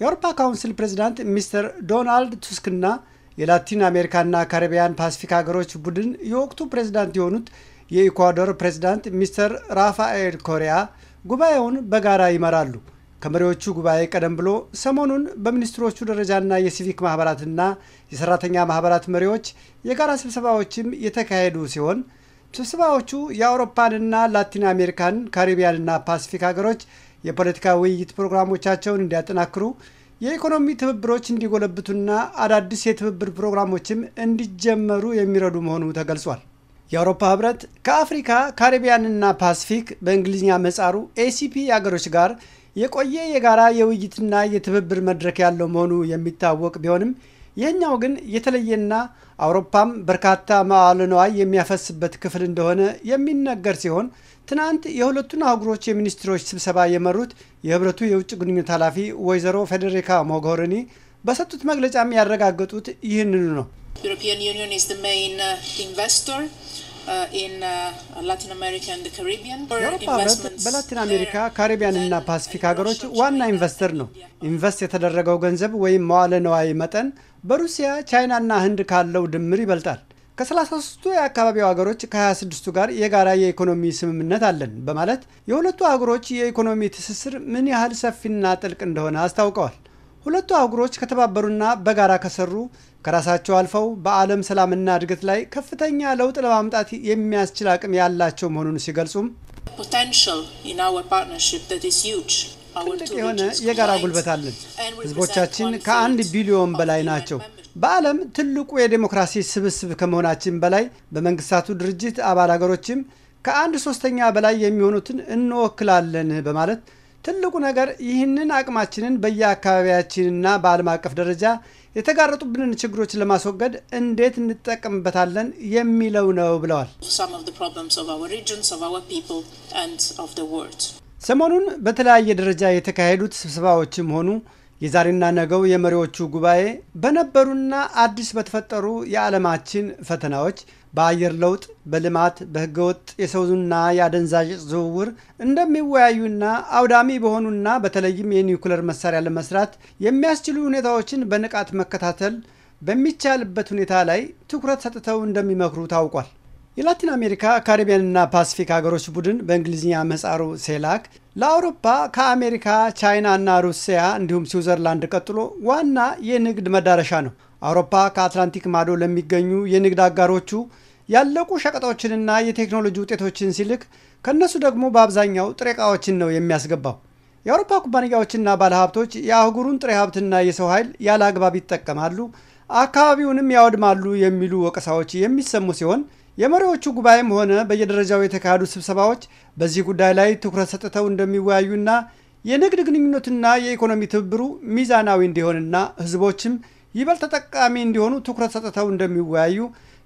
የአውሮፓ ካውንስል ፕሬዚዳንት ሚስተር ዶናልድ ቱስክና የላቲን አሜሪካና ካሪቢያን ፓሲፊክ ሀገሮች ቡድን የወቅቱ ፕሬዚዳንት የሆኑት የኢኳዶር ፕሬዚዳንት ሚስተር ራፋኤል ኮሪያ ጉባኤውን በጋራ ይመራሉ። ከመሪዎቹ ጉባኤ ቀደም ብሎ ሰሞኑን በሚኒስትሮቹ ደረጃና የሲቪክ ማህበራትና የሰራተኛ ማህበራት መሪዎች የጋራ ስብሰባዎችም የተካሄዱ ሲሆን ስብሰባዎቹ የአውሮፓንና ላቲን አሜሪካን ካሪቢያንና ፓሲፊክ ሀገሮች የፖለቲካ ውይይት ፕሮግራሞቻቸውን እንዲያጠናክሩ፣ የኢኮኖሚ ትብብሮች እንዲጎለብቱና አዳዲስ የትብብር ፕሮግራሞችም እንዲጀመሩ የሚረዱ መሆኑ ተገልጿል። የአውሮፓ ህብረት ከአፍሪካ ካሪቢያንና ፓስፊክ በእንግሊዝኛ መጻሩ ኤሲፒ አገሮች ጋር የቆየ የጋራ የውይይትና የትብብር መድረክ ያለው መሆኑ የሚታወቅ ቢሆንም ይህኛው ግን የተለየና አውሮፓም በርካታ መዋዕለ ንዋይ የሚያፈስበት ክፍል እንደሆነ የሚነገር ሲሆን ትናንት የሁለቱን አህጉሮች የሚኒስትሮች ስብሰባ የመሩት የህብረቱ የውጭ ግንኙነት ኃላፊ ወይዘሮ ፌዴሪካ ሞጎሪኒ በሰጡት መግለጫም ያረጋገጡት ይህንኑ ነው። Uh, uh, የአውሮፓ ህብረት በላቲን አሜሪካ ካሪቢያንና ፓሲፊክ ሀገሮች ዋና ኢንቨስተር ነው። ኢንቨስት የተደረገው ገንዘብ ወይም መዋለ ነዋይ መጠን በሩሲያ ቻይናና ህንድ ካለው ድምር ይበልጣል። ከ33ቱ የአካባቢው ሀገሮች ከ26ቱ ጋር የጋራ የኢኮኖሚ ስምምነት አለን በማለት የሁለቱ ሀገሮች የኢኮኖሚ ትስስር ምን ያህል ሰፊና ጥልቅ እንደሆነ አስታውቀዋል። ሁለቱ አህጉሮች ከተባበሩና በጋራ ከሰሩ ከራሳቸው አልፈው በዓለም ሰላምና እድገት ላይ ከፍተኛ ለውጥ ለማምጣት የሚያስችል አቅም ያላቸው መሆኑን ሲገልጹም ትልቅ የሆነ የጋራ ጉልበት አለን። ህዝቦቻችን ከአንድ ቢሊዮን በላይ ናቸው። በዓለም ትልቁ የዴሞክራሲ ስብስብ ከመሆናችን በላይ በመንግስታቱ ድርጅት አባል ሀገሮችም ከአንድ ሶስተኛ በላይ የሚሆኑትን እንወክላለን በማለት ትልቁ ነገር ይህንን አቅማችንን በየአካባቢያችንና በዓለም አቀፍ ደረጃ የተጋረጡብንን ችግሮች ለማስወገድ እንዴት እንጠቀምበታለን የሚለው ነው ብለዋል። ሰሞኑን በተለያየ ደረጃ የተካሄዱት ስብሰባዎችም ሆኑ የዛሬና ነገው የመሪዎቹ ጉባኤ በነበሩና አዲስ በተፈጠሩ የዓለማችን ፈተናዎች በአየር ለውጥ፣ በልማት፣ በህገወጥ የሰውና የአደንዛዥ ዝውውር እንደሚወያዩና አውዳሚ በሆኑና በተለይም የኒውክለር መሳሪያ ለመስራት የሚያስችሉ ሁኔታዎችን በንቃት መከታተል በሚቻልበት ሁኔታ ላይ ትኩረት ሰጥተው እንደሚመክሩ ታውቋል። የላቲን አሜሪካ ካሪቢያንና ፓሲፊክ ሀገሮች ቡድን በእንግሊዝኛ ምህጻሩ ሴላክ ለአውሮፓ ከአሜሪካ ቻይናና ሩሲያ እንዲሁም ስዊዘርላንድ ቀጥሎ ዋና የንግድ መዳረሻ ነው። አውሮፓ ከአትላንቲክ ማዶ ለሚገኙ የንግድ አጋሮቹ ያለቁ ሸቀጦችንና የቴክኖሎጂ ውጤቶችን ሲልክ ከእነሱ ደግሞ በአብዛኛው ጥሬ እቃዎችን ነው የሚያስገባው። የአውሮፓ ኩባንያዎችና ባለሀብቶች የአህጉሩን ጥሬ ሀብትና የሰው ኃይል ያለ አግባብ ይጠቀማሉ፣ አካባቢውንም ያወድማሉ የሚሉ ወቀሳዎች የሚሰሙ ሲሆን የመሪዎቹ ጉባኤም ሆነ በየደረጃው የተካሄዱ ስብሰባዎች በዚህ ጉዳይ ላይ ትኩረት ሰጥተው እንደሚወያዩና የንግድ ግንኙነቱና የኢኮኖሚ ትብብሩ ሚዛናዊ እንዲሆንና ህዝቦችም ይበልጥ ተጠቃሚ እንዲሆኑ ትኩረት ሰጥተው እንደሚወያዩ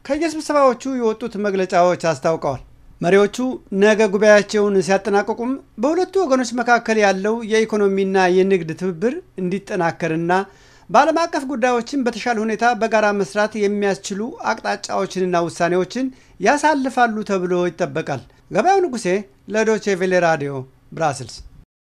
ከየስብሰባዎቹ የወጡት መግለጫዎች አስታውቀዋል። መሪዎቹ ነገ ጉባኤያቸውን ሲያጠናቅቁም በሁለቱ ወገኖች መካከል ያለው የኢኮኖሚና የንግድ ትብብር እንዲጠናከርና በዓለም አቀፍ ጉዳዮችን በተሻለ ሁኔታ በጋራ መስራት የሚያስችሉ አቅጣጫዎችንና ውሳኔዎችን ያሳልፋሉ ተብሎ ይጠበቃል። ገበያው ንጉሴ ለዶቼ ቬሌ ራዲዮ ብራስልስ